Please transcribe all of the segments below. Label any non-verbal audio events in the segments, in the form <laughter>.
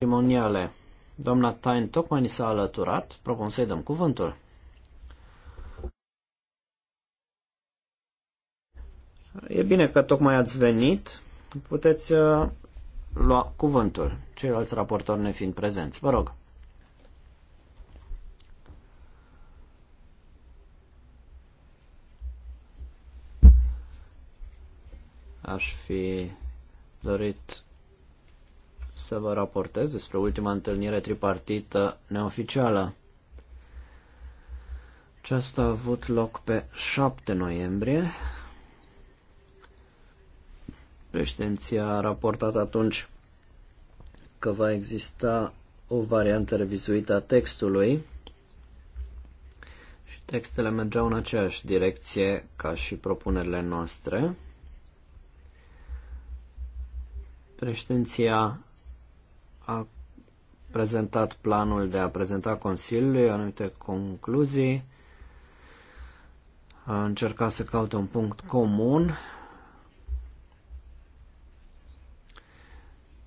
matrimoniale. Doamna Tain tocmai ni s-a alăturat, propun să-i dăm cuvântul. E bine că tocmai ați venit, puteți uh, lua cuvântul, ceilalți raportori ne fiind prezenți. Vă rog. Aș fi dorit să vă raportez despre ultima întâlnire tripartită neoficială. Aceasta a avut loc pe 7 noiembrie. Președinția a raportat atunci că va exista o variantă revizuită a textului și textele mergeau în aceeași direcție ca și propunerile noastre. Președinția a prezentat planul de a prezenta Consiliului anumite concluzii, a încercat să caute un punct comun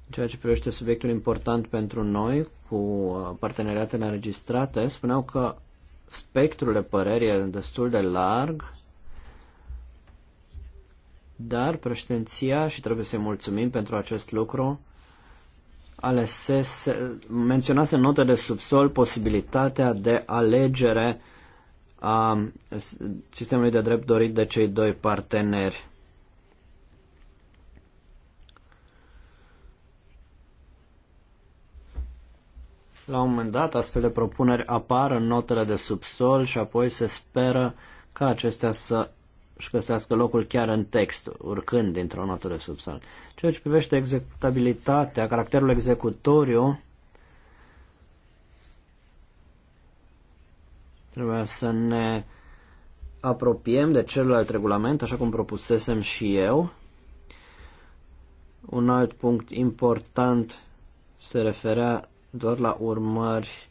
ceea ce privește subiectul important pentru noi cu uh, parteneriatele înregistrate, spuneau că spectrul de păreri e destul de larg, dar președinția, și trebuie să-i mulțumim pentru acest lucru, alesese, menționase note de subsol posibilitatea de alegere a sistemului de drept dorit de cei doi parteneri. La un moment dat, astfel de propuneri apar în notele de subsol și apoi se speră ca acestea să își găsească locul chiar în text, urcând dintr-o notă de subsal. Ceea ce privește executabilitatea, caracterul executoriu, trebuie să ne apropiem de celălalt regulament, așa cum propusesem și eu. Un alt punct important se referea doar la urmări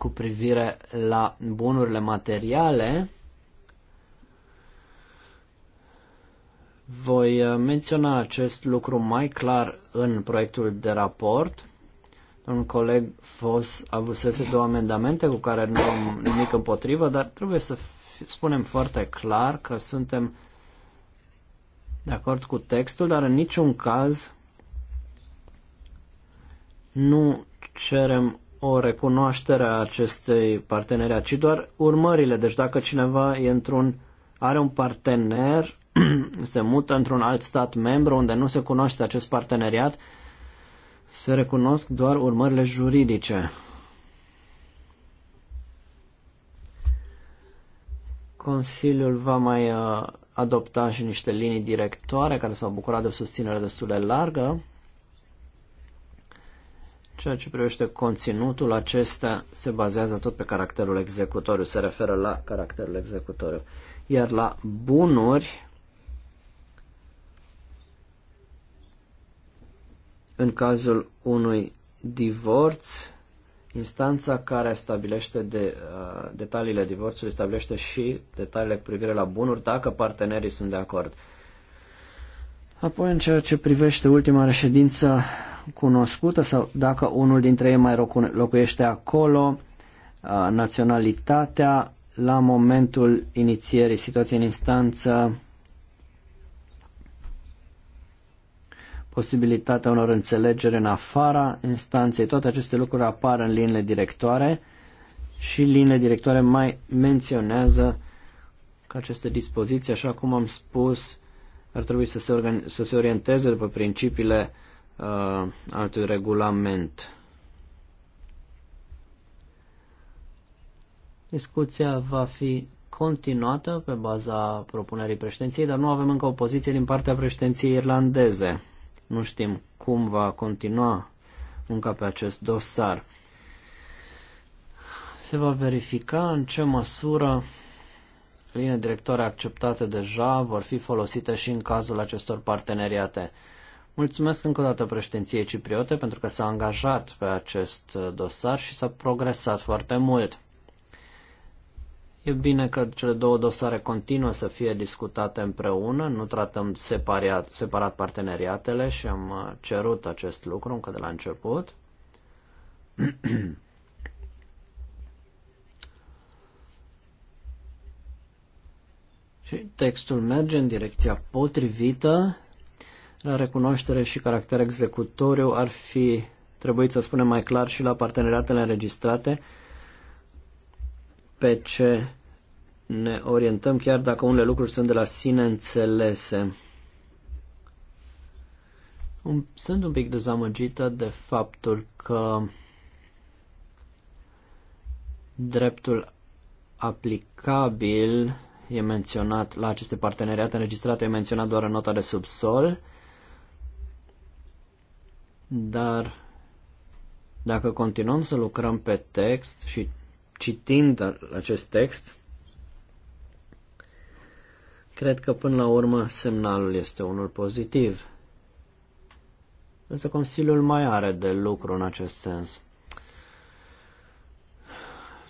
cu privire la bunurile materiale, voi uh, menționa acest lucru mai clar în proiectul de raport. Un coleg fost avusese două amendamente cu care nu am nimic împotrivă, dar trebuie să spunem foarte clar că suntem de acord cu textul, dar în niciun caz nu cerem o recunoaștere a acestei parteneri, ci doar urmările. Deci dacă cineva e într-un, are un partener, <clears throat> se mută într-un alt stat membru unde nu se cunoaște acest parteneriat, se recunosc doar urmările juridice. Consiliul va mai uh, adopta și niște linii directoare care s-au bucurat de o susținere destul de largă. Ceea ce privește conținutul acesta se bazează tot pe caracterul executoriu, se referă la caracterul executoriu. Iar la bunuri, în cazul unui divorț, instanța care stabilește de, uh, detaliile divorțului stabilește și detaliile cu privire la bunuri dacă partenerii sunt de acord. Apoi, în ceea ce privește ultima reședință cunoscută sau dacă unul dintre ei mai locuiește acolo, naționalitatea la momentul inițierii situației în instanță, posibilitatea unor înțelegeri în afara instanței, toate aceste lucruri apar în liniile directoare și liniile directoare mai menționează că aceste dispoziții, așa cum am spus, ar trebui să se, să se orienteze după principiile uh, altui regulament. Discuția va fi continuată pe baza propunerii președinției, dar nu avem încă o poziție din partea președinției irlandeze. Nu știm cum va continua munca pe acest dosar. Se va verifica în ce măsură linii directoare acceptate deja vor fi folosite și în cazul acestor parteneriate. Mulțumesc încă o dată președinției cipriote pentru că s-a angajat pe acest dosar și s-a progresat foarte mult. E bine că cele două dosare continuă să fie discutate împreună, nu tratăm separat, separat parteneriatele și am cerut acest lucru încă de la început. <clears throat> textul merge în direcția potrivită. La recunoaștere și caracter executoriu ar fi trebuit să spunem mai clar și la parteneriatele înregistrate pe ce ne orientăm, chiar dacă unele lucruri sunt de la sine înțelese. Sunt un pic dezamăgită de faptul că dreptul aplicabil e menționat, la aceste parteneriate înregistrate e menționat doar în nota de subsol, dar dacă continuăm să lucrăm pe text și citind acest text, cred că până la urmă semnalul este unul pozitiv. Însă Consiliul mai are de lucru în acest sens.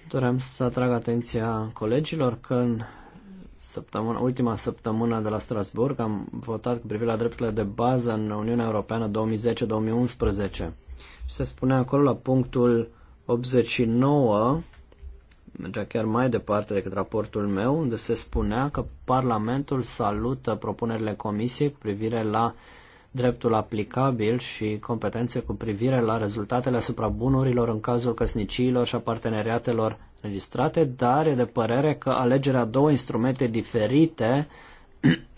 Doream să atrag atenția colegilor că în săptămână, ultima săptămână de la Strasburg am votat cu privire la drepturile de bază în Uniunea Europeană 2010-2011. Se spune acolo la punctul 89, mergea chiar mai departe decât raportul meu, unde se spunea că Parlamentul salută propunerile Comisiei cu privire la uh, dreptul aplicabil și competențe cu privire la rezultatele asupra bunurilor în cazul căsniciilor și a parteneriatelor registrate, dar e de părere că alegerea două instrumente diferite <clears throat>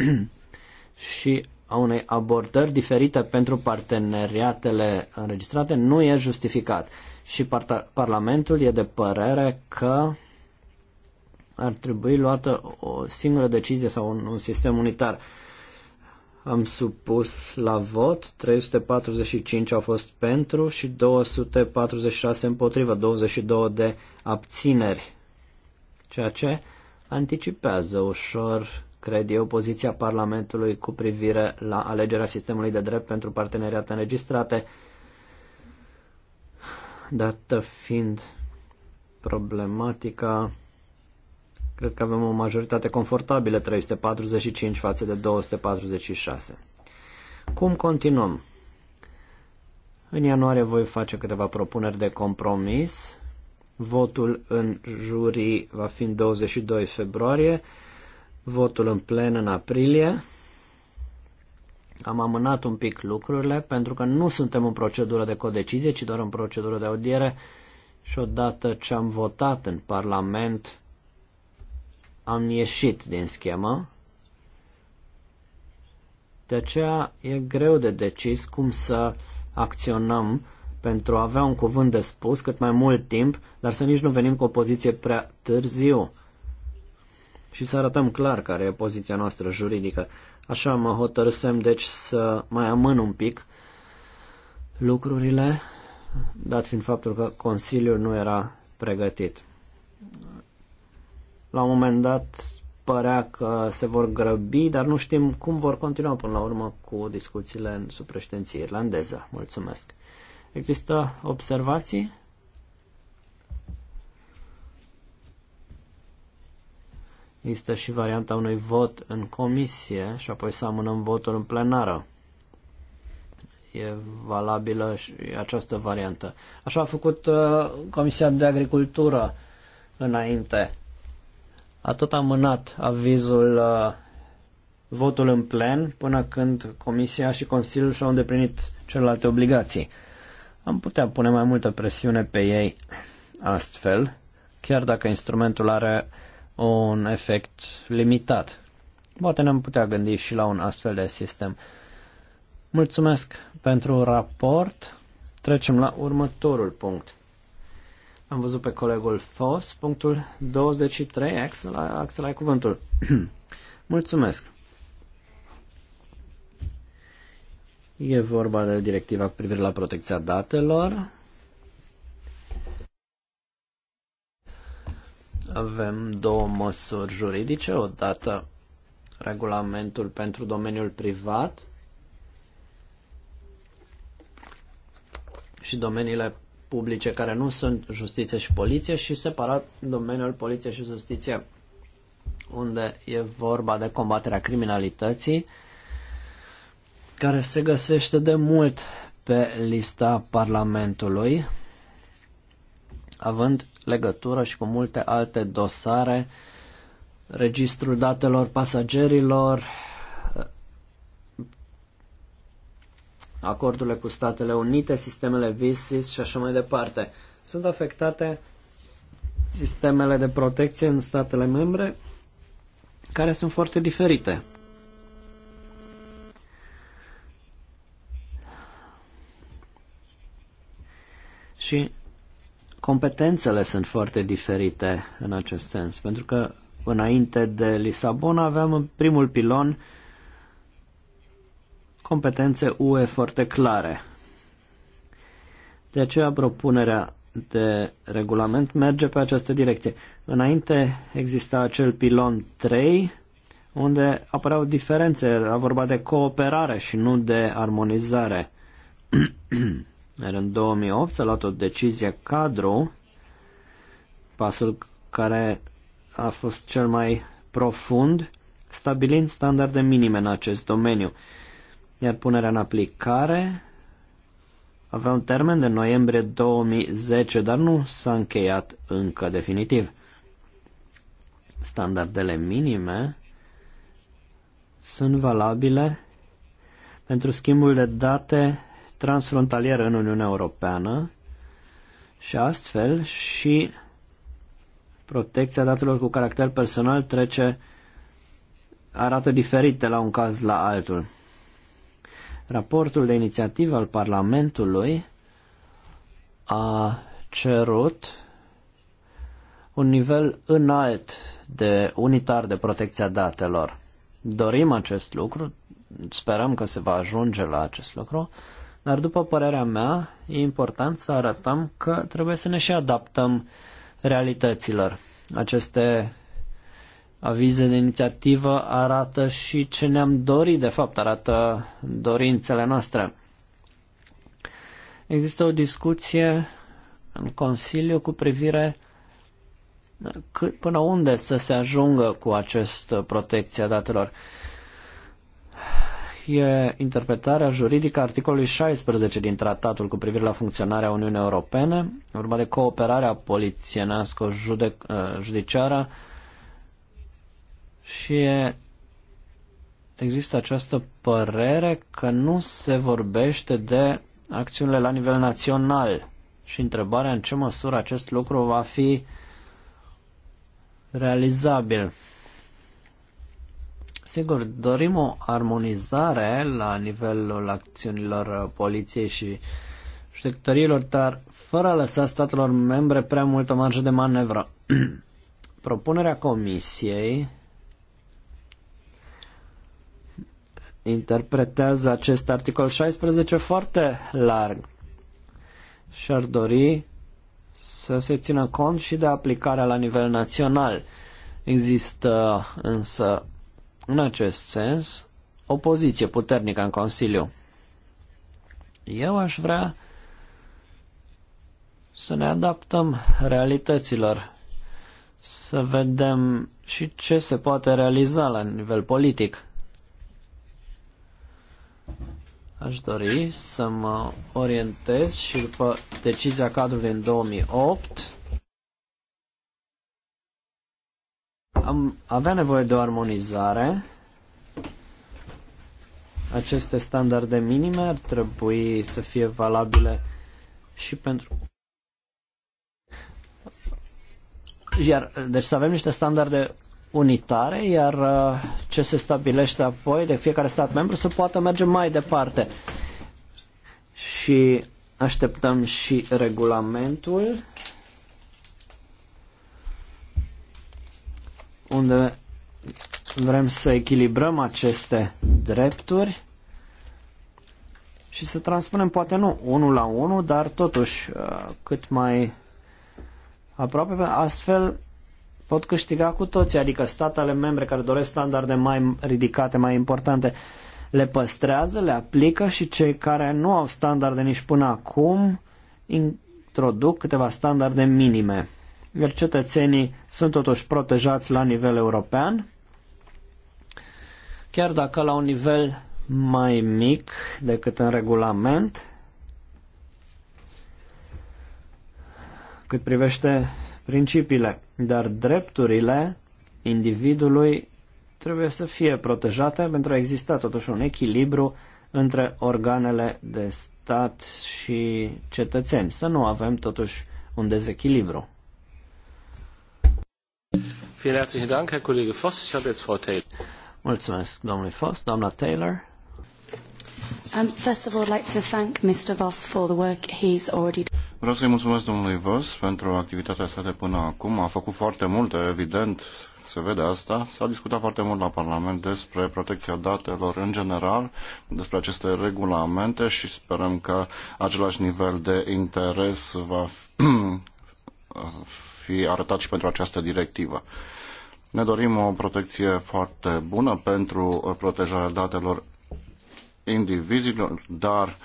și a unei abordări diferite pentru parteneriatele înregistrate nu e justificat. Și par- Parlamentul e de părere că ar trebui luată o singură decizie sau un, un sistem unitar am supus la vot, 345 au fost pentru și 246 împotrivă, 22 de abțineri, ceea ce anticipează ușor, cred eu, poziția Parlamentului cu privire la alegerea sistemului de drept pentru parteneriate înregistrate, dată fiind problematica Cred că avem o majoritate confortabilă, 345 față de 246. Cum continuăm? În ianuarie voi face câteva propuneri de compromis. Votul în jurii va fi în 22 februarie, votul în plen în aprilie. Am amânat un pic lucrurile pentru că nu suntem în procedură de codecizie, ci doar în procedură de audiere și odată ce am votat în Parlament am ieșit din schemă. De aceea e greu de decis cum să acționăm pentru a avea un cuvânt de spus cât mai mult timp, dar să nici nu venim cu o poziție prea târziu și să arătăm clar care e poziția noastră juridică. Așa mă hotărâsem, deci, să mai amân un pic lucrurile, dat fiind faptul că Consiliul nu era pregătit. La un moment dat părea că se vor grăbi, dar nu știm cum vor continua până la urmă cu discuțiile în supreștenție irlandeză. Mulțumesc. Există observații? Există și varianta unui vot în comisie și apoi să amânăm votul în plenară. E valabilă și această variantă. Așa a făcut uh, Comisia de Agricultură înainte a tot amânat avizul uh, votul în plen până când Comisia și Consiliul și-au îndeplinit celelalte obligații. Am putea pune mai multă presiune pe ei astfel, chiar dacă instrumentul are un efect limitat. Poate ne-am putea gândi și la un astfel de sistem. Mulțumesc pentru raport. Trecem la următorul punct. Am văzut pe colegul Fos, punctul 23, Axel, Axel ai cuvântul. <clears throat> Mulțumesc. E vorba de directiva cu privire la protecția datelor. Avem două măsuri juridice, odată regulamentul pentru domeniul privat și domeniile publice care nu sunt justiție și poliție și separat domeniul poliție și justiție unde e vorba de combaterea criminalității care se găsește de mult pe lista Parlamentului având legătură și cu multe alte dosare registrul datelor pasagerilor, acordurile cu Statele Unite, sistemele VISIS și așa mai departe. Sunt afectate sistemele de protecție în statele membre care sunt foarte diferite. Și competențele sunt foarte diferite în acest sens, pentru că înainte de Lisabona aveam în primul pilon uh, competențe UE foarte clare. De aceea propunerea de regulament merge pe această direcție. Înainte exista acel pilon 3, unde apăreau diferențe, era vorba de cooperare și nu de armonizare. <clears throat> Iar în 2008 s-a luat o decizie cadru, pasul care a fost cel mai profund, stabilind standarde minime în acest domeniu iar punerea în aplicare avea un termen de noiembrie 2010, dar nu s-a încheiat încă definitiv. Standardele minime sunt valabile pentru schimbul de date transfrontalier în Uniunea Europeană și astfel și protecția datelor cu caracter personal trece arată diferit de la un caz la altul. Raportul de inițiativă al Parlamentului a cerut un nivel înalt de unitar de protecția datelor. Dorim acest lucru, sperăm că se va ajunge la acest lucru, dar după părerea mea e important să arătăm că trebuie să ne și adaptăm realităților. Aceste avize de inițiativă arată și ce ne-am dorit, de fapt, arată dorințele noastre. Există o discuție în Consiliu cu privire cât, până unde să se ajungă cu această protecție a datelor. E interpretarea juridică a articolului 16 din tratatul cu privire la funcționarea Uniunii Europene, urma de cooperarea polițienească-judiciară, și există această părere că nu se vorbește de acțiunile la nivel național și întrebarea în ce măsură acest lucru va fi realizabil. Sigur, dorim o armonizare la nivelul acțiunilor poliției și judecătorilor, dar fără a lăsa statelor membre prea multă marjă de manevră. <clears throat> Propunerea comisiei interpretează acest articol 16 foarte larg și ar dori să se țină cont și de aplicarea la nivel național. Există însă în acest sens o poziție puternică în Consiliu. Eu aș vrea să ne adaptăm realităților, să vedem și ce se poate realiza la nivel politic. Aș dori să mă orientez și după decizia cadrului în 2008 am avea nevoie de o armonizare. Aceste standarde minime ar trebui să fie valabile și pentru iar, deci să avem niște standarde unitare, iar uh, ce se stabilește apoi de fiecare stat membru să poată merge mai departe. Și așteptăm și regulamentul unde vrem să echilibrăm aceste drepturi și să transpunem poate nu unul la unul, dar totuși uh, cât mai aproape, astfel pot câștiga cu toții, adică statele membre care doresc standarde mai ridicate, mai importante, le păstrează, le aplică și cei care nu au standarde nici până acum introduc câteva standarde minime. Iar cetățenii sunt totuși protejați la nivel european, chiar dacă la un nivel mai mic decât în regulament, cât privește principiile dar drepturile individului trebuie să fie protejate pentru a exista totuși un echilibru între organele de stat și cetățeni, să nu avem totuși un dezechilibru. Vielen herzlichen Dank, Herr Kollege Voss. Ich habe jetzt Frau Taylor. Mulțumesc, domnule Voss, doamna Taylor. Um, first of all, I'd like to thank Mr. Voss for the work he's already done. Vreau să-i mulțumesc domnului Vos pentru activitatea sa de până acum. A făcut foarte multe, evident, se vede asta. S-a discutat foarte mult la Parlament despre protecția datelor în general, despre aceste regulamente și sperăm că același nivel de interes va fi <clears throat> arătat și pentru această directivă. Ne dorim o protecție foarte bună pentru protejarea datelor indivizilor, dar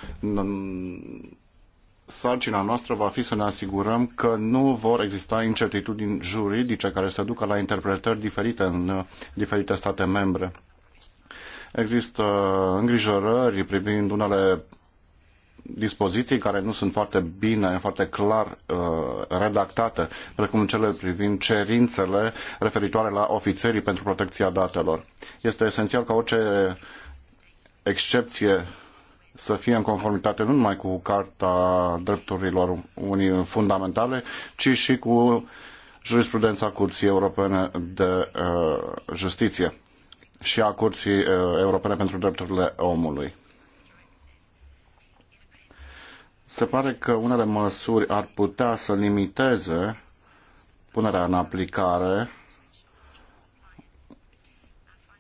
sarcina noastră va fi să ne asigurăm că nu vor exista incertitudini juridice care să ducă la interpretări diferite în uh, diferite state membre. Există îngrijorări privind unele dispoziții care nu sunt foarte bine, foarte clar uh, redactate, precum cele privind cerințele referitoare la ofițerii pentru protecția datelor. Este esențial ca orice excepție să fie în conformitate nu numai cu Carta Drepturilor unii Fundamentale, ci și cu jurisprudența Curții Europene de uh, Justiție și a Curții uh, Europene pentru Drepturile Omului. Se pare că unele măsuri ar putea să limiteze punerea în aplicare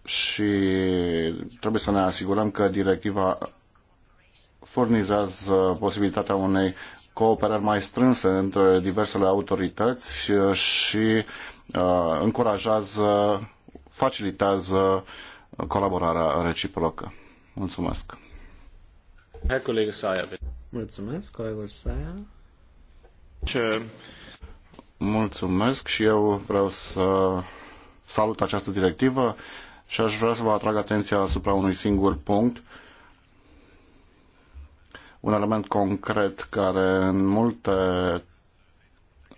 și trebuie să ne asigurăm că directiva furnizează posibilitatea unei cooperări mai strânse între diversele autorități și uh, încurajează, facilitează colaborarea reciprocă. Mulțumesc. Herr Kollege Saia, Mulțumesc, colegul Saia. Ce... Mulțumesc și eu vreau să salut această directivă și aș vrea să vă atrag atenția asupra unui singur punct. Uh, un element concret care în multe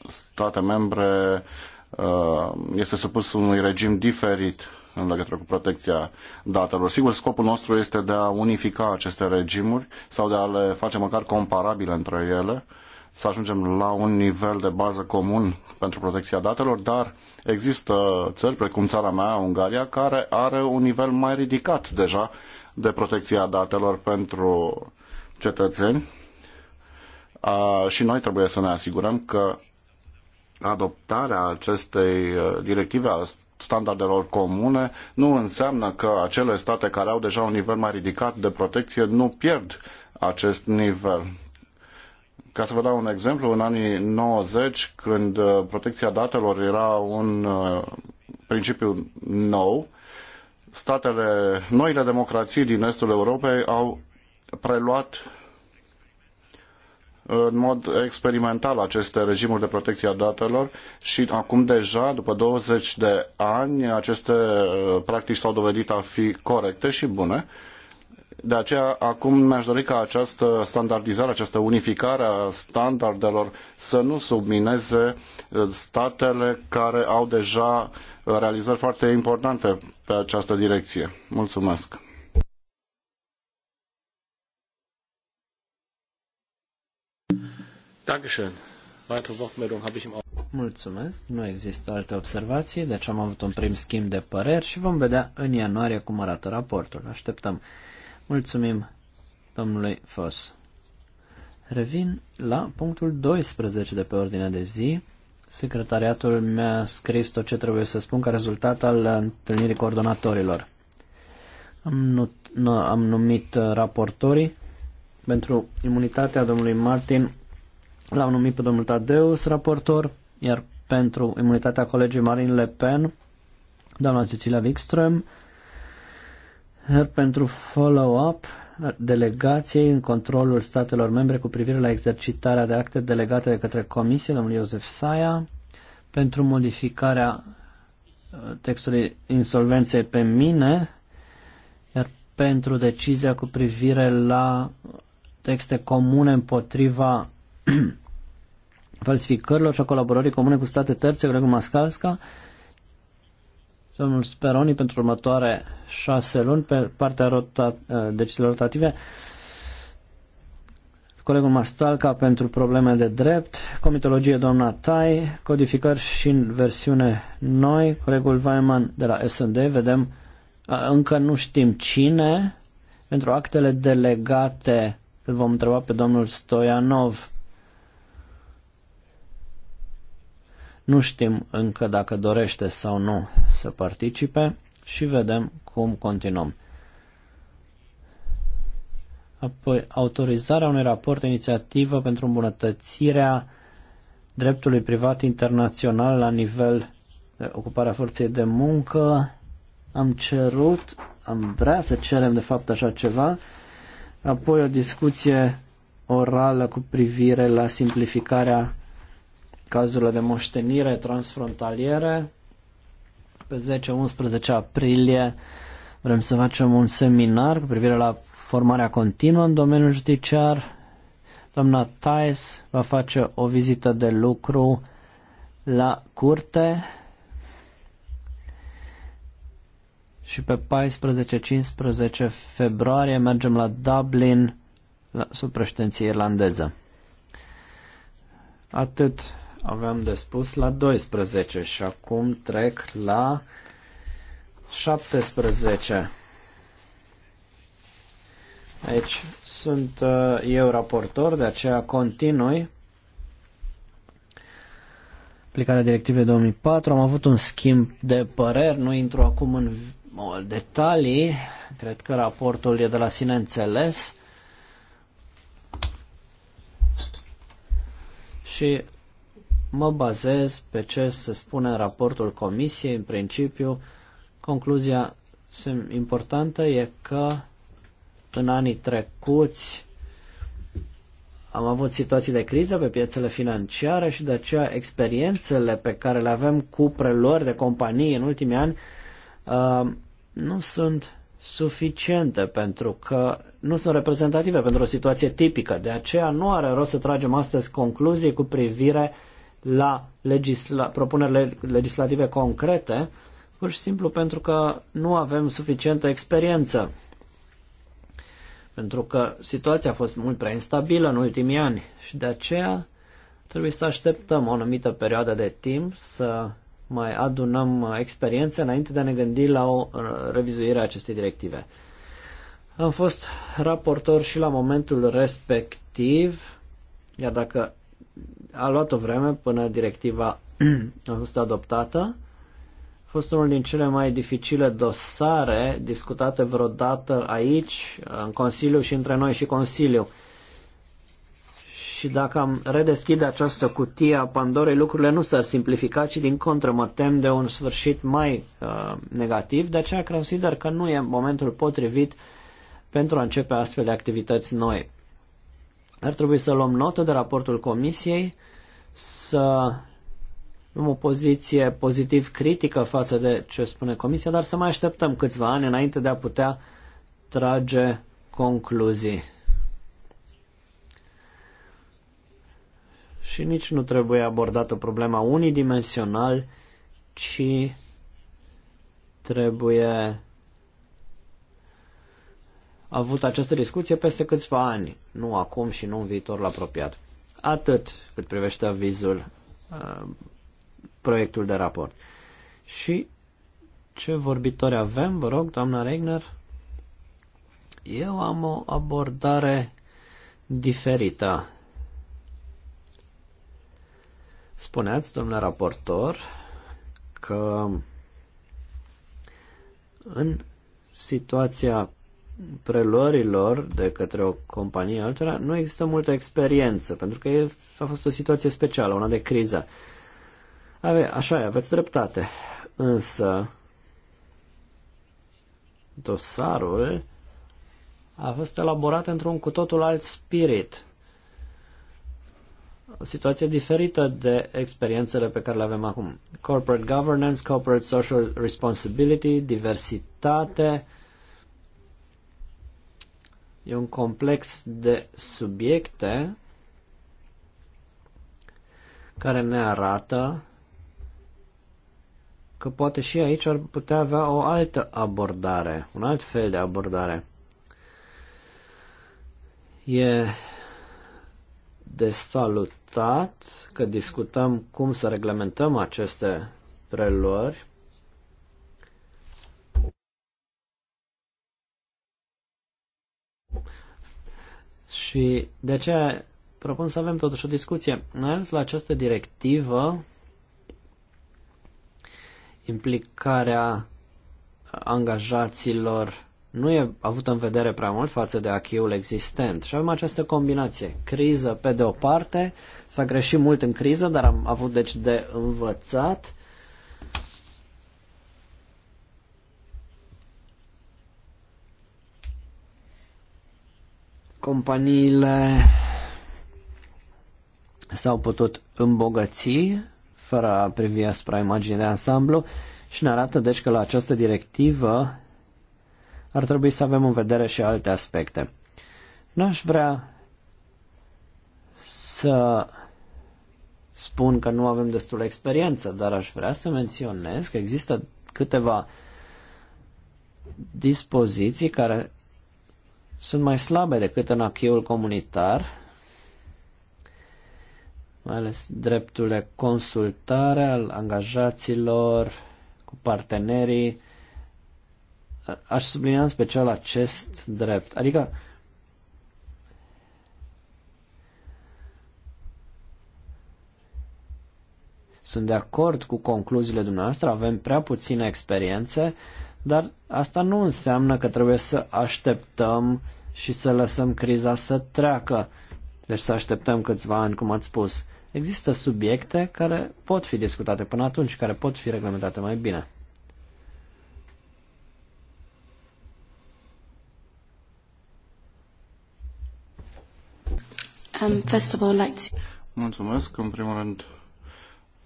state membre uh, este supus unui regim diferit în legătură cu protecția datelor. Sigur, scopul nostru este de a unifica aceste regimuri sau de a le face măcar comparabile între ele, să ajungem la un nivel de bază comun pentru protecția datelor, dar există țări, precum țara mea, Ungaria, care are un nivel mai ridicat deja de protecția datelor pentru cetățeni și noi trebuie să ne asigurăm că adoptarea acestei uh, directive a standardelor comune nu înseamnă că acele state care au deja un nivel mai ridicat de protecție nu pierd acest nivel. Ca să vă dau un exemplu, în anii 90, când uh, protecția datelor era un uh, principiu nou, statele, noile democrații din estul Europei au preluat în mod experimental aceste regimuri de protecție a datelor și acum deja, după 20 de ani, aceste uh, practici s-au dovedit a fi corecte și bune. De aceea, acum mi-aș dori ca această standardizare, această unificare a standardelor să nu submineze uh, statele care au deja uh, realizări foarte importante pe această direcție. Mulțumesc! Dankeschön. Weitere Wortmeldung habe ich im Mulțumesc, nu există alte observații, deci am avut un prim schimb de păreri și vom vedea în ianuarie cum arată raportul. Așteptăm. Mulțumim domnului Fos. Revin la punctul 12 de pe ordinea de zi. Secretariatul mi-a scris tot ce trebuie să spun ca rezultat al întâlnirii coordonatorilor. Am, nu, nu, am numit uh, raportorii pentru imunitatea domnului Martin L-au numit pe domnul Tadeus raportor, iar pentru imunitatea colegii Marine Le Pen, doamna Cecilia Wikström, iar pentru follow-up delegației în controlul statelor membre cu privire la exercitarea de acte delegate de către Comisie, domnul Iosef Saia, pentru modificarea uh, textului insolvenței pe mine, iar pentru decizia cu privire la texte comune împotriva <clears throat> falsificărilor și a colaborării comune cu state terțe, Gregor Mascalska, domnul Speroni pentru următoare șase luni pe partea rota, eh, deciziilor rotative, colegul Mastalca pentru probleme de drept, comitologie doamna Tai, codificări și în versiune noi, colegul Weiman de la S&D, vedem, încă nu știm cine, pentru actele delegate îl vom întreba pe domnul Stoianov Nu știm încă dacă dorește sau nu să participe și vedem cum continuăm. Apoi, autorizarea unui raport inițiativă pentru îmbunătățirea dreptului privat internațional la nivel de ocuparea forței de muncă. Am cerut, am vrea să cerem de fapt așa ceva. Apoi o discuție orală cu privire la simplificarea cazurile de moștenire transfrontaliere. Pe 10-11 aprilie vrem să facem un seminar cu privire la formarea continuă în domeniul judiciar. Doamna Thais va face o vizită de lucru la curte și pe 14-15 februarie mergem la Dublin la, supraștenție irlandeză. Atât aveam de spus la 12 și acum trec la 17. Aici sunt uh, eu raportor, de aceea continui. Aplicarea directivei 2004, am avut un schimb de păreri, nu intru acum în detalii, cred că raportul e de la sine înțeles. Și Mă bazez pe ce se spune în raportul comisiei, în principiu, concluzia importantă e că în anii trecuți am avut situații de criză pe piețele financiare și de aceea experiențele pe care le avem cu preluări de companii în ultimii ani uh, nu sunt suficiente pentru că nu sunt reprezentative pentru o situație tipică. De aceea nu are rost să tragem astăzi concluzii cu privire la legisla- propunerile legislative concrete, pur și simplu pentru că nu avem suficientă experiență. Pentru că situația a fost mult prea instabilă în ultimii ani și de aceea trebuie să așteptăm o anumită perioadă de timp să mai adunăm experiențe înainte de a ne gândi la o revizuire a acestei directive. Am fost raportor și la momentul respectiv, iar dacă a luat o vreme până directiva a fost adoptată. A fost unul din cele mai dificile dosare discutate vreodată aici, în Consiliu și între noi și Consiliu. Și dacă am redeschide această cutie a Pandorei, lucrurile nu s-ar simplifica, ci din contră mă tem de un sfârșit mai uh, negativ. De aceea consider că nu e momentul potrivit pentru a începe astfel de activități noi. Ar trebui să luăm notă de raportul Comisiei, să luăm o poziție pozitiv critică față de ce spune Comisia, dar să mai așteptăm câțiva ani înainte de a putea trage concluzii. Și nici nu trebuie abordată problema unidimensional, ci trebuie avut această discuție peste câțiva ani, nu acum și nu în viitorul apropiat. Atât cât privește avizul, uh, proiectul de raport. Și ce vorbitori avem, vă rog, doamna Regner? Eu am o abordare diferită. Spuneați, domnule raportor, că în situația preluărilor de către o companie altora nu există multă experiență, pentru că e, a fost o situație specială, una de criză. Ave, așa e, aveți dreptate. Însă dosarul a fost elaborat într-un cu totul alt spirit. O situație diferită de experiențele pe care le avem acum. Corporate governance, corporate social responsibility, diversitate, E un complex de subiecte care ne arată că poate și aici ar putea avea o altă abordare, un alt fel de abordare. E de salutat că discutăm cum să reglementăm aceste preluări Și de aceea propun să avem totuși o discuție. Mai ales la această directivă, implicarea angajaților nu e avută în vedere prea mult față de achiul existent. Și avem această combinație. Criză pe de o parte, s-a greșit mult în criză, dar am avut deci de învățat Companiile s-au putut îmbogăți fără a privi asupra imaginii de ansamblu și ne arată deci că la această directivă ar trebui să avem în vedere și alte aspecte. N-aș vrea să spun că nu avem destul experiență, dar aș vrea să menționez că există câteva dispoziții care sunt mai slabe decât în achiul comunitar, mai ales dreptul de consultare al angajaților cu partenerii. Aș sublinia în special acest drept. Adică sunt de acord cu concluziile dumneavoastră, avem prea puține experiențe, dar asta nu înseamnă că trebuie să așteptăm și să lăsăm criza să treacă. Deci să așteptăm câțiva ani, cum ați spus. Există subiecte care pot fi discutate până atunci, care pot fi reglementate mai bine. Um, first of all, like to... Mulțumesc. În primul rând,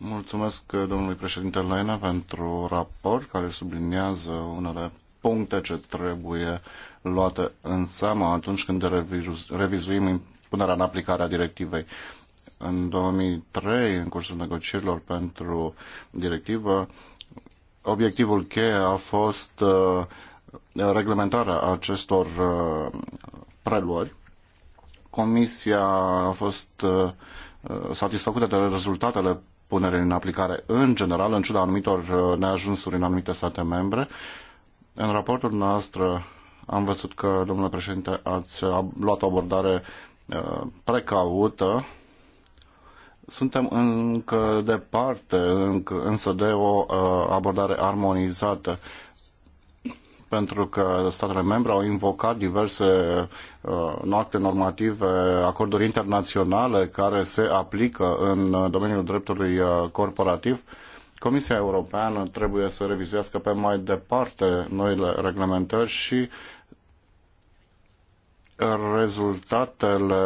Mulțumesc uh, domnului președinte Lena pentru raport care subliniază unele puncte ce trebuie luate în seamă atunci când revizuim punerea în aplicare a directivei. În 2003, în cursul negocierilor pentru directivă, obiectivul cheie a fost uh, reglementarea acestor uh, preluări. Comisia a fost satisfăcută de rezultatele punere în aplicare în general, în ciuda anumitor uh, neajunsuri în anumite state membre. În raportul noastră am văzut că, domnule președinte, ați uh, luat o abordare uh, precaută. Suntem încă departe, încă, însă, de o abordare armonizată pentru că statele membre au invocat diverse uh, acte normative, acorduri internaționale care se aplică în domeniul dreptului uh, corporativ. Comisia Europeană trebuie să revizuiască pe mai departe noile reglementări și rezultatele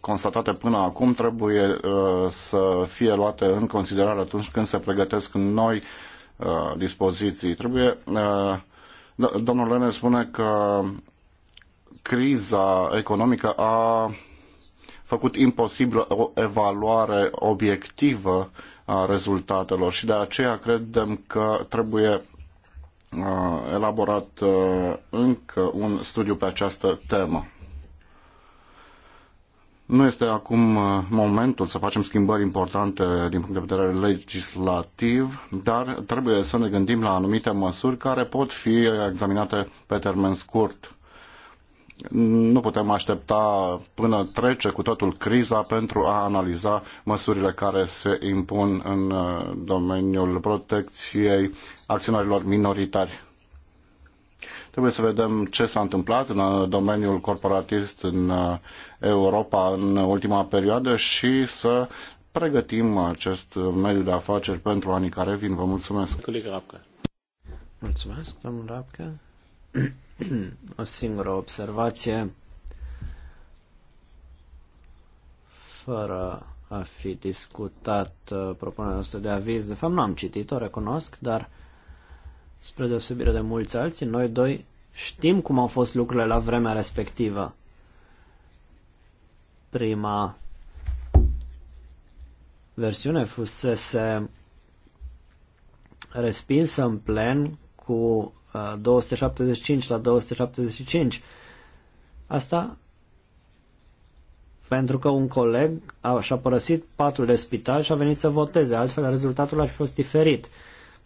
constatate până acum trebuie uh, să fie luate în considerare atunci când se pregătesc noi uh, dispoziții. Trebuie uh, da, domnul Lene spune că criza economică a făcut imposibilă o evaluare obiectivă a rezultatelor și de aceea credem că trebuie uh, elaborat uh, încă un studiu pe această temă. Nu este acum uh, momentul să facem schimbări importante din punct de vedere legislativ, dar trebuie să ne gândim la anumite măsuri care pot fi examinate pe termen scurt. Nu putem aștepta până trece cu totul criza pentru a analiza măsurile care se impun în uh, domeniul protecției acționarilor minoritari. Trebuie să vedem ce s-a întâmplat în uh, domeniul corporatist în uh, Europa în ultima perioadă și să pregătim acest mediu de afaceri pentru anii care vin. Vă mulțumesc. Colegă Rapcă. Mulțumesc, domnul Rapcă. <clears throat> O singură observație fără a fi discutat uh, propunerea noastră de aviz. De fapt, nu am citit-o, recunosc, dar spre deosebire de mulți alții, noi doi știm cum au fost lucrurile la vremea respectivă. Prima versiune fusese respinsă în plen cu 275 uh, la 275. Asta pentru că un coleg a, și-a părăsit patul de spital și a venit să voteze, altfel rezultatul ar fi fost diferit.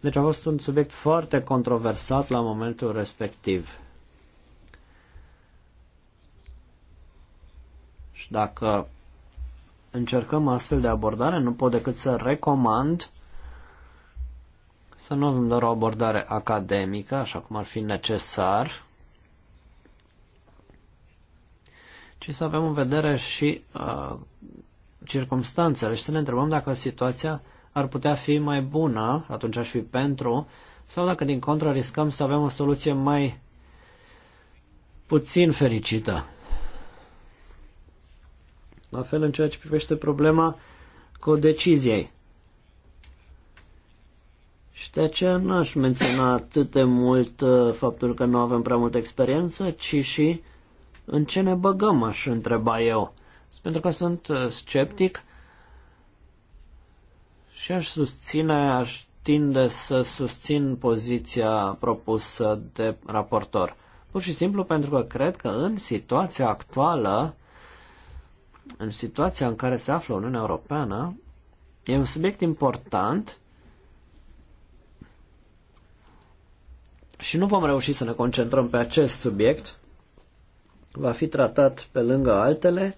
Deci a fost un subiect foarte controversat la momentul respectiv. Și dacă încercăm astfel de abordare, nu pot decât să recomand să nu avem doar o abordare academică, așa cum ar fi necesar, ci să avem în vedere și uh, circumstanțele și să ne întrebăm dacă situația ar putea fi mai bună, atunci aș fi pentru, sau dacă din contră riscăm să avem o soluție mai puțin fericită. La fel în ceea ce privește problema deciziei. Și de aceea n-aș menționa atât de mult uh, faptul că nu avem prea multă experiență, ci și în ce ne băgăm, aș întreba eu. Pentru că sunt uh, sceptic și aș susține, aș tinde să susțin poziția propusă de raportor. Pur și simplu pentru că cred că în situația actuală, în situația în care se află Uniunea Europeană, e un subiect important și nu vom reuși să ne concentrăm pe acest subiect. Va fi tratat pe lângă altele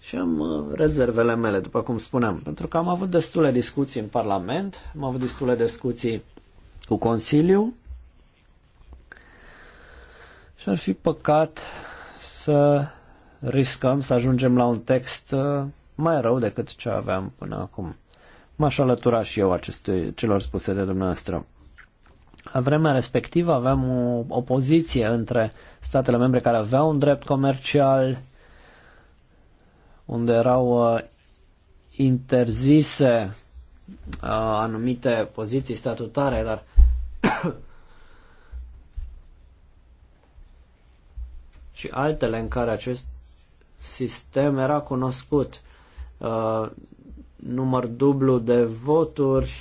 și am uh, rezervele mele, după cum spuneam, pentru că am avut destule discuții în Parlament, am avut destule discuții cu Consiliu și ar fi păcat să riscăm să ajungem la un text uh, mai rău decât ce aveam până acum. M-aș alătura și eu acestui, celor spuse de dumneavoastră. La vremea respectivă aveam o opoziție între statele membre care aveau un drept comercial unde erau uh, interzise uh, anumite poziții statutare, dar <coughs> și altele în care acest sistem era cunoscut. Uh, număr dublu de voturi,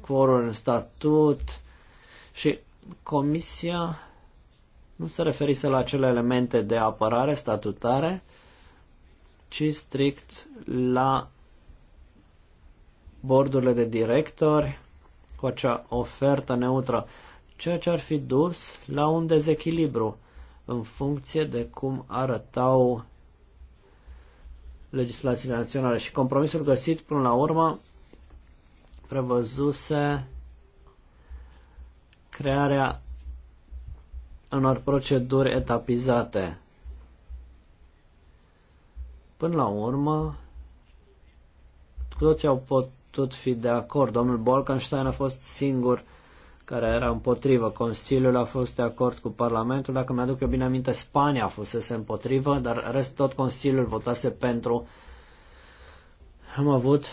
quorul în statut și comisia nu se referise la acele elemente de apărare statutare, ci strict la bordurile de directori cu acea ofertă neutră, ceea ce ar fi dus la un dezechilibru în funcție de cum arătau legislațiile naționale. Și compromisul găsit până la urmă prevăzuse crearea unor proceduri etapizate. Până la urmă, toți au putut fi de acord. Domnul Bolkenstein a fost singur care era împotrivă. Consiliul a fost de acord cu Parlamentul. Dacă mi-aduc eu bine aminte, Spania a fost împotrivă, dar rest tot Consiliul votase pentru. Am avut,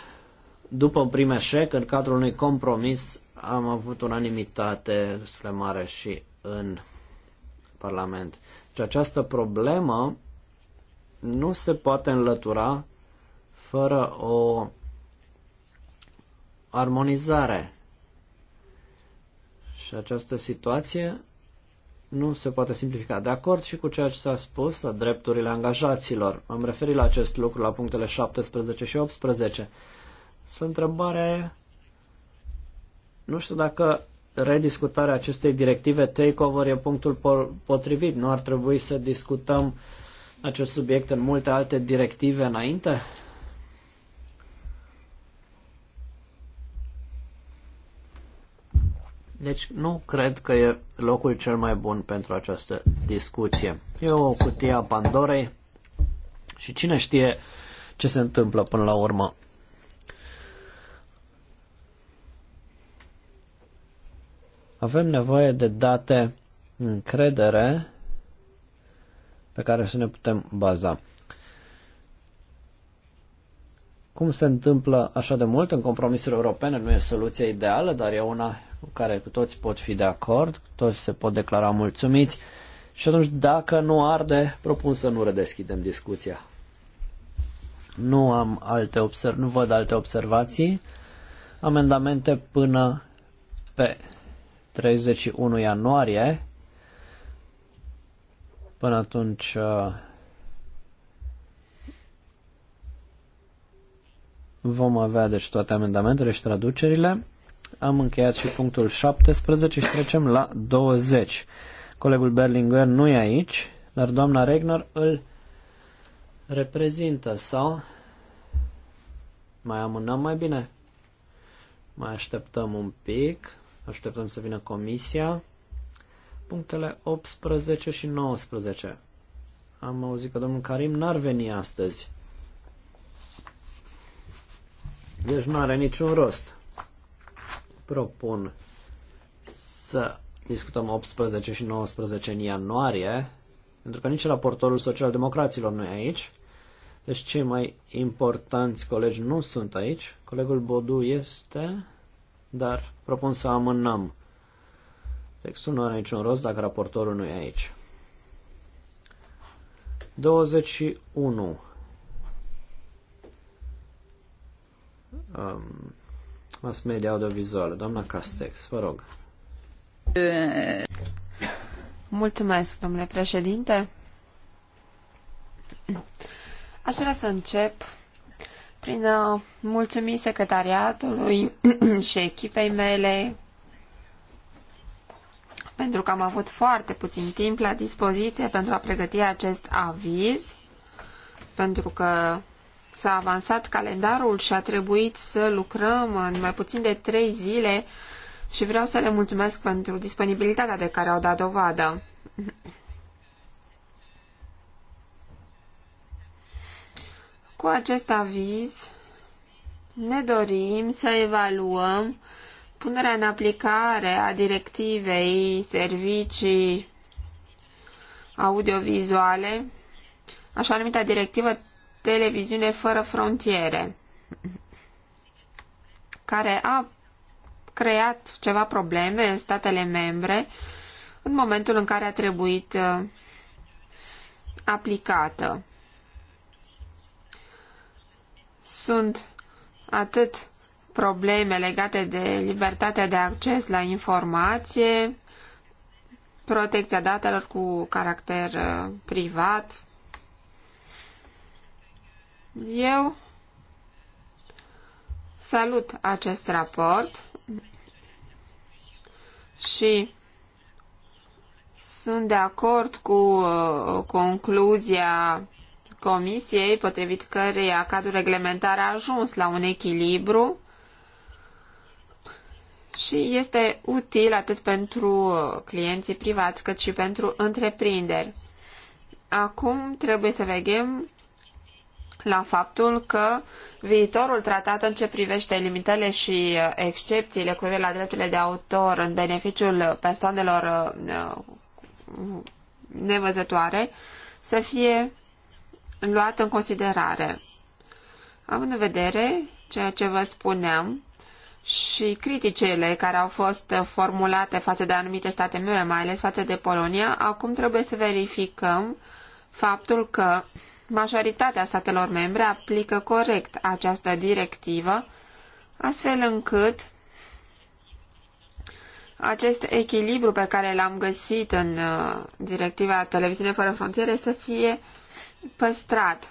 după un prim eșec, în cadrul unui compromis, am avut unanimitate destul de mare și în Parlament. Deci această problemă nu se poate înlătura fără o armonizare. Și această situație nu se poate simplifica. De acord și cu ceea ce s-a spus la drepturile angajaților. Am referit la acest lucru la punctele 17 și 18. Să întrebare nu știu dacă rediscutarea acestei directive takeover e punctul potrivit. Nu ar trebui să discutăm uh, acest subiect în multe alte directive înainte? Deci nu cred că e locul cel mai bun pentru această discuție. E o cutie a Pandorei și cine știe ce se întâmplă până la urmă. Avem nevoie de date încredere pe care să ne putem baza. Cum se întâmplă așa de mult în compromisurile europene, nu e soluția ideală, dar e una cu care cu toți pot fi de acord, toți se pot declara mulțumiți și atunci dacă nu arde, propun să nu redeschidem discuția. Nu am alte observ- nu văd alte observații. Amendamente până pe 31 ianuarie Până atunci uh, vom avea deci toate amendamentele și traducerile. Am încheiat și punctul 17 și trecem la 20. Colegul Berlinguer nu e aici, dar doamna Regner îl reprezintă sau mai amânăm mai bine? Mai așteptăm un pic, așteptăm să vină comisia punctele 18 și 19. Am auzit că domnul Karim n-ar veni astăzi. Deci nu are niciun rost. Propun să discutăm 18 și 19 în ianuarie, pentru că nici raportorul social-democraților nu e aici. Deci cei mai importanți colegi nu sunt aici. Colegul Bodu este, dar propun să amânăm Textul nu are niciun rost dacă raportorul nu e aici. 21. Um, mass media audiovizuală. Doamna Castex, vă rog. Mulțumesc, domnule președinte. Aș vrea să încep prin a mulțumi secretariatului <clears throat> și echipei mele pentru că am avut foarte puțin timp la dispoziție pentru a pregăti acest aviz, pentru că s-a avansat calendarul și a trebuit să lucrăm în mai puțin de trei zile și vreau să le mulțumesc pentru disponibilitatea de care au dat dovadă. Cu acest aviz ne dorim să evaluăm Punerea în aplicare a directivei servicii audiovizuale, așa numită directivă televiziune fără frontiere, care a creat ceva probleme în statele membre în momentul în care a trebuit uh, aplicată. Sunt atât probleme legate de libertatea de acces la informație, protecția datelor cu caracter uh, privat. Eu salut acest raport și sunt de acord cu uh, concluzia Comisiei, potrivit căreia cadrul reglementar a ajuns la un echilibru și este util atât pentru clienții privați cât și pentru întreprinderi. Acum trebuie să vedem la faptul că viitorul tratat în ce privește limitele și excepțiile cu la drepturile de autor în beneficiul persoanelor uh, nevăzătoare să fie luat în considerare. Având în vedere ceea ce vă spuneam, și criticele care au fost formulate față de anumite state membre, mai ales față de Polonia, acum trebuie să verificăm faptul că majoritatea statelor membre aplică corect această directivă, astfel încât acest echilibru pe care l-am găsit în uh, directiva Televiziune fără frontiere să fie păstrat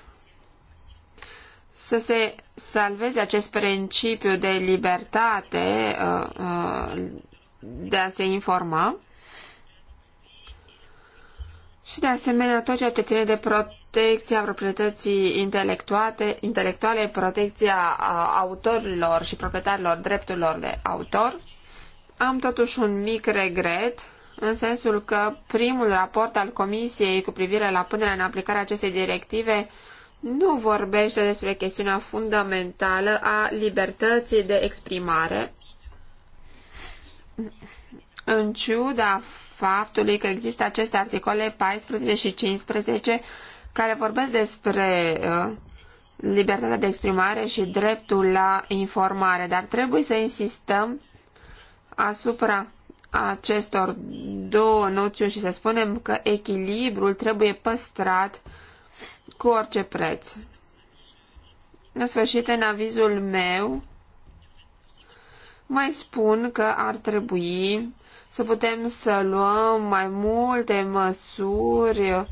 să se salveze acest principiu de libertate uh, uh, de a se informa și de asemenea tot ceea ce ține de protecția proprietății intelectuale, intelectuale protecția uh, autorilor și proprietarilor drepturilor de autor, am totuși un mic regret în sensul că primul raport al Comisiei cu privire la punerea în aplicare a acestei directive nu vorbește despre chestiunea fundamentală a libertății de exprimare, în ciuda faptului că există aceste articole 14 și 15 care vorbesc despre uh, libertatea de exprimare și dreptul la informare, dar trebuie să insistăm asupra acestor două noțiuni și să spunem că echilibrul trebuie păstrat uh, cu orice preț. În sfârșit, în avizul meu, mai spun că ar trebui să putem să luăm mai multe măsuri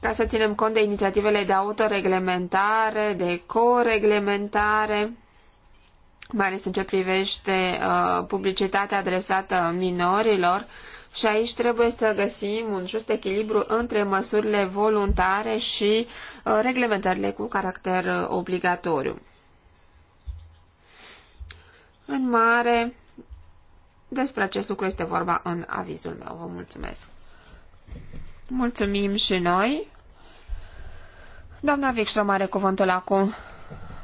ca să ținem cont de inițiativele de autoreglementare, de coreglementare, mai ales în ce privește uh, publicitatea adresată minorilor, uh, și aici trebuie să găsim un just echilibru între măsurile voluntare și uh, reglementările cu caracter uh, obligatoriu. În mare, despre acest lucru este vorba în avizul meu. Vă mulțumesc! Mulțumim și noi! Doamna Vicșom Mare cuvântul acum.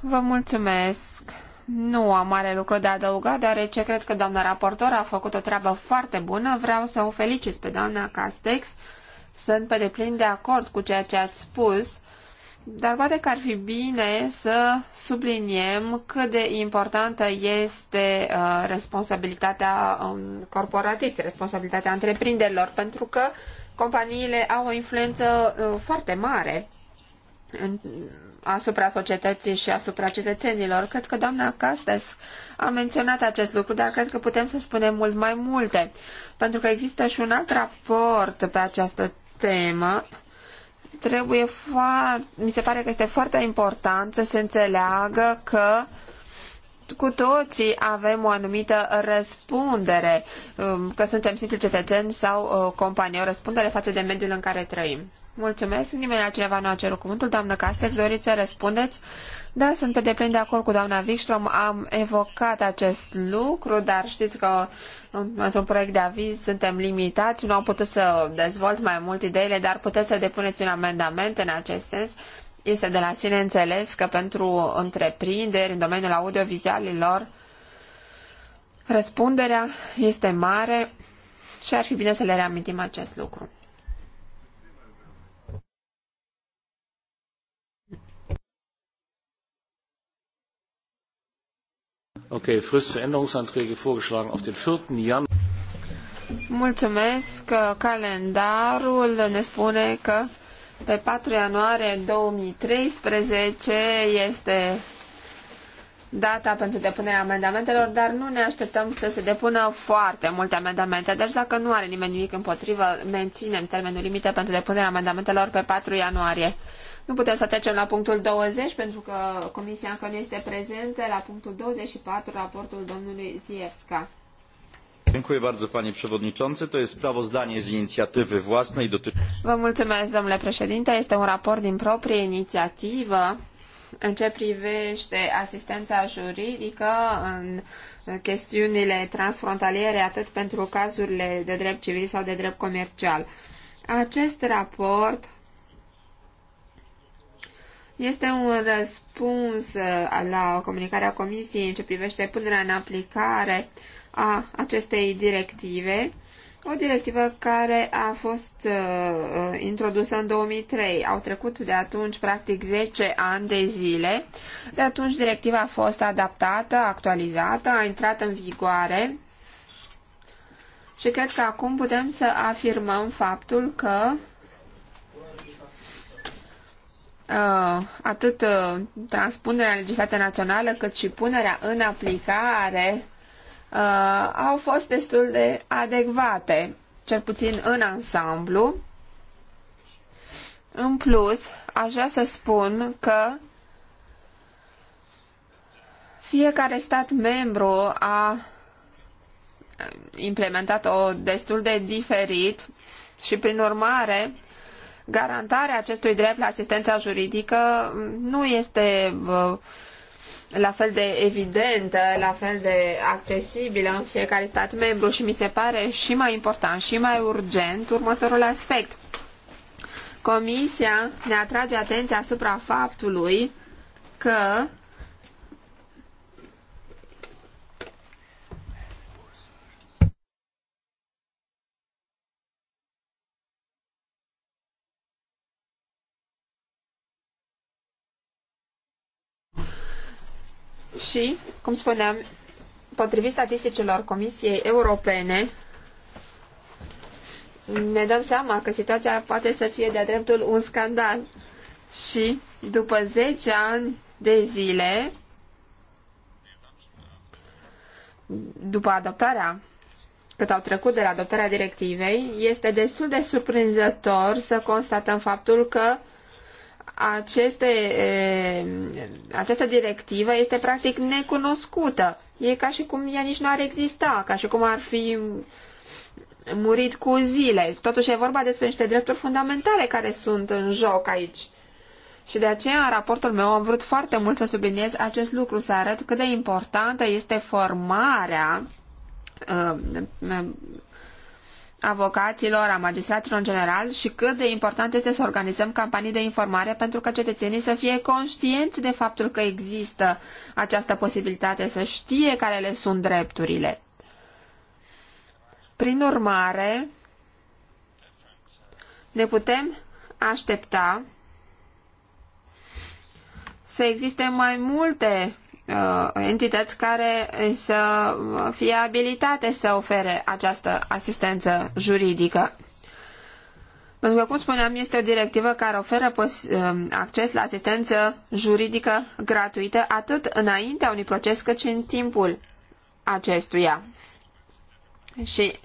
Vă mulțumesc! Nu am mare lucru de adăugat, deoarece cred că doamna raportor a făcut o treabă foarte bună. Vreau să o felicit pe doamna Castex. Sunt pe deplin de acord cu ceea ce ați spus, dar poate că ar fi bine să subliniem cât de importantă este uh, responsabilitatea um, corporatistă, responsabilitatea întreprinderilor, pentru că companiile au o influență uh, foarte mare în, asupra societății și asupra cetățenilor. Cred că doamna Castes a menționat acest lucru, dar cred că putem să spunem mult mai multe, pentru că există și un alt raport pe această temă. Trebuie foarte, mi se pare că este foarte important să se înțeleagă că cu toții avem o anumită răspundere, um, că suntem simpli cetățeni sau uh, companii, o răspundere față de mediul în care trăim. Mulțumesc. Nimeni altcineva nu a cerut cuvântul. Doamnă Castex, doriți să răspundeți? Da, sunt pe deplin de acord cu doamna Wikström. Am evocat acest lucru, dar știți că într-un proiect de aviz suntem limitați. Nu am putut să dezvolt mai mult ideile, dar puteți să depuneți un amendament în acest sens. Este de la sine înțeles că pentru întreprinderi în domeniul audiovizualilor răspunderea este mare și ar fi bine să le reamintim acest lucru. Okay, Frist für Änderungsanträge vorgeschlagen auf den 4. Januar. Mulțumesc. Calendarul ne spune că pe 4 ianuarie 2013 este data pentru depunerea amendamentelor, dar nu ne așteptăm să se depună foarte multe amendamente. Deci dacă nu are nimeni nimic împotrivă, menținem termenul limită pentru depunerea amendamentelor pe 4 ianuarie. Nu putem să trecem la punctul 20 pentru că comisia încă nu este prezentă, la punctul 24 raportul domnului Zievska. Dziękuję bardzo panie przewodniczący. To jest sprawozdanie z inicjatywy własnej dotyczące Vă mulțumesc, domnule președinte. Este un raport din proprie inițiativă în ce privește asistența juridică în chestiunile transfrontaliere, atât pentru cazurile de drept civil sau de drept comercial. Acest raport este un răspuns uh, la comunicarea Comisiei în ce privește punerea în aplicare a acestei directive o directivă care a fost uh, uh introdusă în 2003. Au trecut de atunci practic 10 ani de zile. De atunci directiva a fost adaptată, actualizată, a intrat în vigoare și cred că acum putem să afirmăm faptul că uh, atât uh, transpunerea legislației naționale, cât și punerea în aplicare uh, uh, au fost destul de adecvate, cel puțin în ansamblu. În plus, aș vrea să spun că fiecare stat membru a implementat-o destul de diferit și, prin urmare, garantarea acestui drept la asistența juridică nu este uh, la fel de evidentă, la fel de accesibilă în fiecare stat membru și mi se pare și mai important și mai urgent următorul aspect. Comisia ne atrage atenția asupra faptului că Și, cum spuneam, potrivit statisticilor Comisiei Europene, ne dăm seama că situația poate să fie de-a dreptul un scandal. Și după 10 ani de zile, după adoptarea, cât au trecut de la adoptarea directivei, este destul de surprinzător să constatăm faptul că aceste, această directivă este practic necunoscută. E ca și cum ea nici nu ar exista, ca și cum ar fi murit cu zile. Totuși e vorba despre niște drepturi fundamentale care sunt în joc aici. Și de aceea, în raportul meu, am vrut foarte mult să subliniez acest lucru, să arăt cât de importantă este formarea uh, uh avocaților, a magistraților în general și cât de important este să organizăm campanii de informare pentru ca cetățenii să fie conștienți de faptul că există această posibilitate, să știe care le sunt drepturile. Prin urmare, ne putem aștepta să existe mai multe Uh, entități care să fie abilitate să ofere această asistență juridică. Pentru că, cum spuneam, este o directivă care oferă uh, acces la asistență juridică gratuită atât înaintea unui proces cât și în timpul acestuia. Și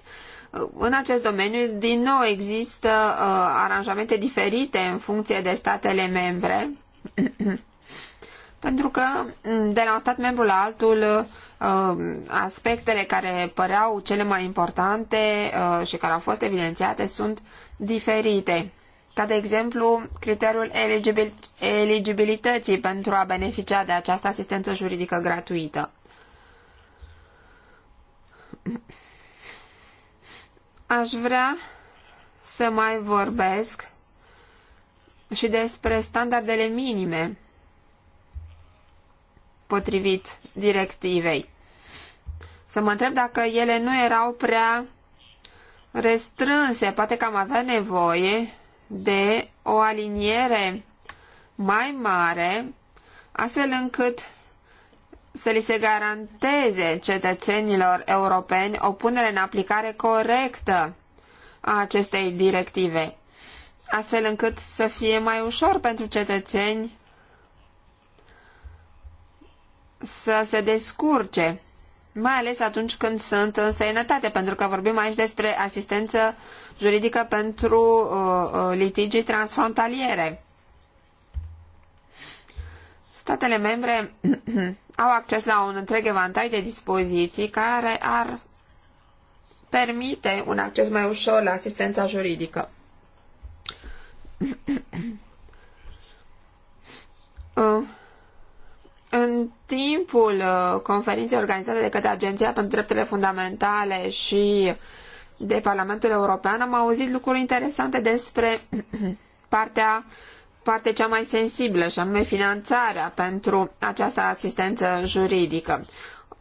uh, în acest domeniu, din nou, există uh, aranjamente diferite în funcție de statele membre <clears throat> pentru că de la un stat membru la altul uh, aspectele care păreau cele mai importante uh, și care au fost evidențiate sunt diferite. Ca de exemplu, criteriul eligibil eligibilității pentru a beneficia de această asistență juridică gratuită. Aș vrea să mai vorbesc și despre standardele minime potrivit directivei. Să mă întreb dacă ele nu erau prea restrânse, poate că am avea nevoie de o aliniere mai mare, astfel încât să li se garanteze cetățenilor europeni o punere în aplicare corectă a acestei directive, astfel încât să fie mai ușor pentru cetățeni să se descurce, mai ales atunci când sunt în străinătate, pentru că vorbim aici despre asistență juridică pentru uh, uh litigii transfrontaliere. Statele membre <clears throat> au acces la un întreg evantai de dispoziții care ar permite un acces mai ușor la asistența juridică. <clears throat> uh în timpul uh, conferinței organizate de către Agenția pentru Drepturile Fundamentale și de Parlamentul European am auzit lucruri interesante despre <clears throat> partea parte cea mai sensibilă, și anume finanțarea pentru această asistență juridică.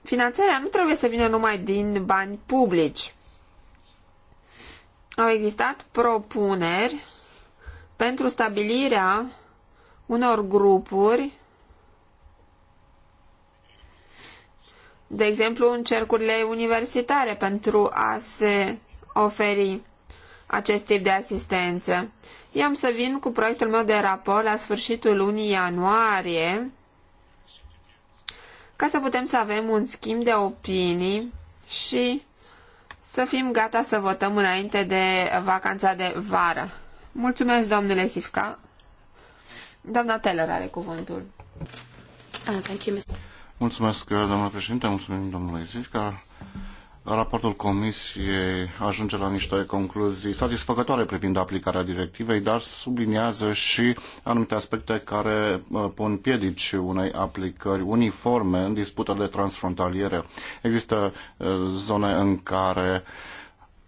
Finanțarea nu trebuie să vină numai din bani publici. Au existat propuneri pentru stabilirea unor grupuri de exemplu, în cercurile universitare pentru a se oferi acest tip de asistență. Eu am să vin cu proiectul meu de raport la sfârșitul lunii ianuarie ca să putem să avem un schimb de opinii și să fim gata să votăm înainte de vacanța de vară. Mulțumesc, domnule Sifca. Doamna Teller are cuvântul. Ah, thank you, Mr. Mulțumesc, domnule președinte, mulțumim domnului Zivca. Raportul Comisiei ajunge la niște concluzii satisfăcătoare privind aplicarea directivei, dar subliniază și anumite aspecte care uh, pun piedici unei aplicări uniforme în disputele transfrontaliere. Există uh, zone în care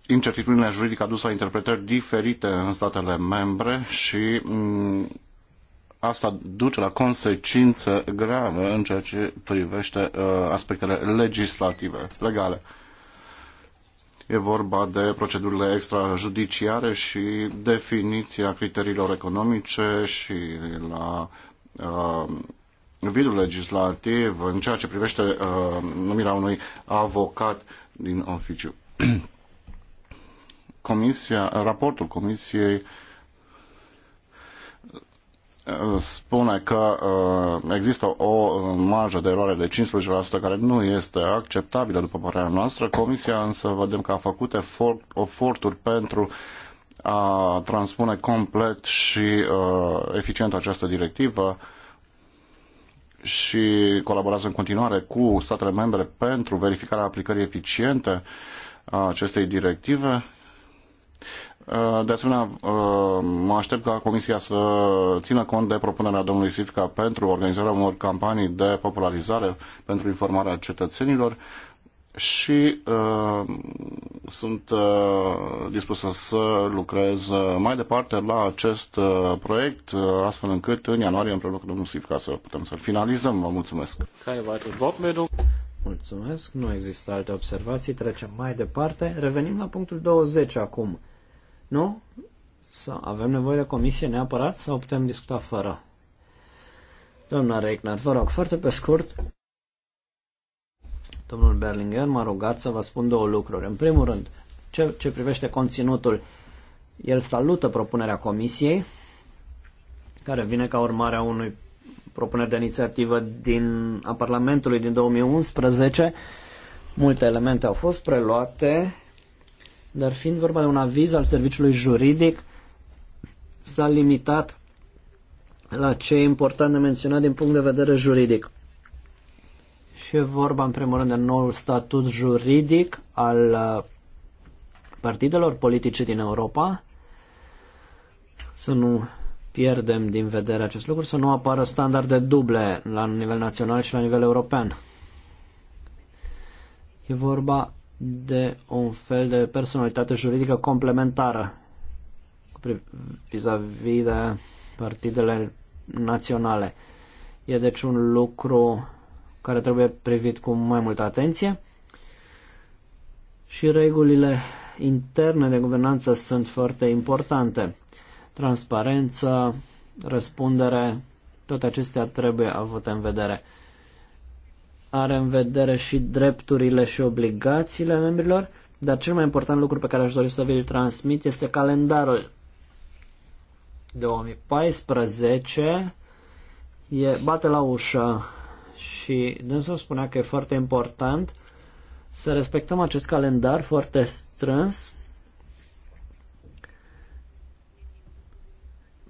incertitudinea juridică a dus la interpretări diferite în statele membre și mm, asta duce la consecință grave în ceea ce privește uh, aspectele legislative, legale. E vorba de procedurile extrajudiciare și definiția criteriilor economice și la uh, vidul legislativ în ceea ce privește uh, numirea unui avocat din oficiu. <clears throat> Comisia, raportul Comisiei uh, spune că uh, există o uh, marjă de eroare de 15% care nu este acceptabilă după părerea noastră. Comisia însă vedem că a făcut eforturi pentru a transpune complet și uh, eficient această directivă și colaborează în continuare cu statele membre pentru verificarea aplicării eficiente a acestei directive. Uh, de asemenea, uh, mă aștept ca Comisia să țină cont de propunerea domnului Sifca pentru organizarea unor campanii de popularizare pentru informarea cetățenilor și uh, sunt uh, dispusă să lucrez uh, mai departe la acest uh, proiect, astfel încât în ianuarie împreună cu domnul Sifca să putem să-l finalizăm. Vă mulțumesc! Mulțumesc, nu există alte observații, trecem mai departe. Revenim la punctul 20 acum. Nu? Sau avem nevoie de comisie neapărat sau putem discuta fără? Doamna Reichner, vă rog, foarte pe scurt, domnul Berlinger m-a rugat să vă spun două lucruri. În primul rând, ce, ce privește conținutul, el salută propunerea comisiei, care vine ca urmare a unui propuneri de inițiativă din, a Parlamentului din 2011. Multe elemente au fost preluate dar fiind vorba de un aviz al serviciului juridic, s-a limitat la ce e important de menționat din punct de vedere juridic. Și e vorba, în primul rând, de noul statut juridic al uh, partidelor politice din Europa, să nu pierdem din vedere acest lucru, să nu apară standarde duble la nivel național și la nivel european. E vorba de un fel de personalitate juridică complementară vis-a-vis -vis de partidele naționale. E deci un lucru care trebuie privit cu mai multă atenție și regulile interne de guvernanță sunt foarte importante. Transparență, răspundere, toate acestea trebuie avute în vedere are în vedere și drepturile și obligațiile membrilor, dar cel mai important lucru pe care aș dori să vi-l transmit este calendarul. 2014 e, bate la ușă și dânsul spunea că e foarte important să respectăm acest calendar foarte strâns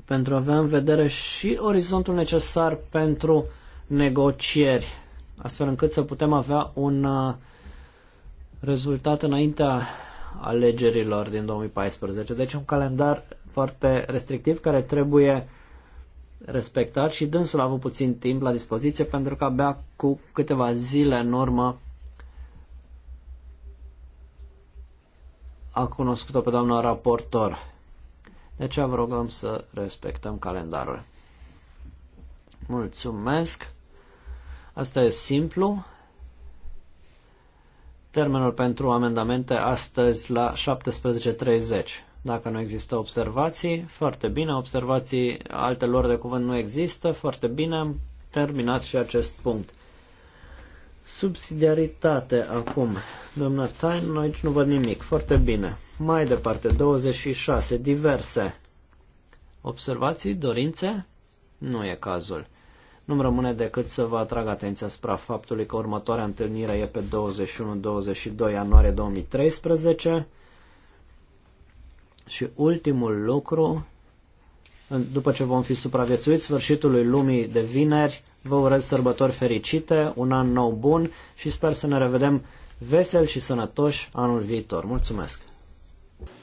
pentru a avea în vedere și orizontul necesar pentru negocieri astfel încât să putem avea un uh, rezultat înaintea alegerilor din 2014. Deci un calendar foarte restrictiv care trebuie respectat și dânsul a avut puțin timp la dispoziție pentru că abia cu câteva zile în urmă a cunoscut-o pe doamna raportor. Deci vă rugăm să respectăm calendarul. Mulțumesc! Asta e simplu. Termenul pentru amendamente astăzi la 17.30. Dacă nu există observații, foarte bine. Observații alte lor de cuvânt nu există, foarte bine. Am terminat și acest punct. Subsidiaritate acum. Doamna Tain, noi aici nu văd nimic. Foarte bine. Mai departe, 26. Diverse. Observații? Dorințe? Nu e cazul. Nu-mi rămâne decât să vă atrag atenția asupra faptului că următoarea întâlnire e pe 21-22 ianuarie 2013 și ultimul lucru, după ce vom fi supraviețuit sfârșitului lumii de vineri, vă urez sărbători fericite, un an nou bun și sper să ne revedem vesel și sănătoși anul viitor. Mulțumesc!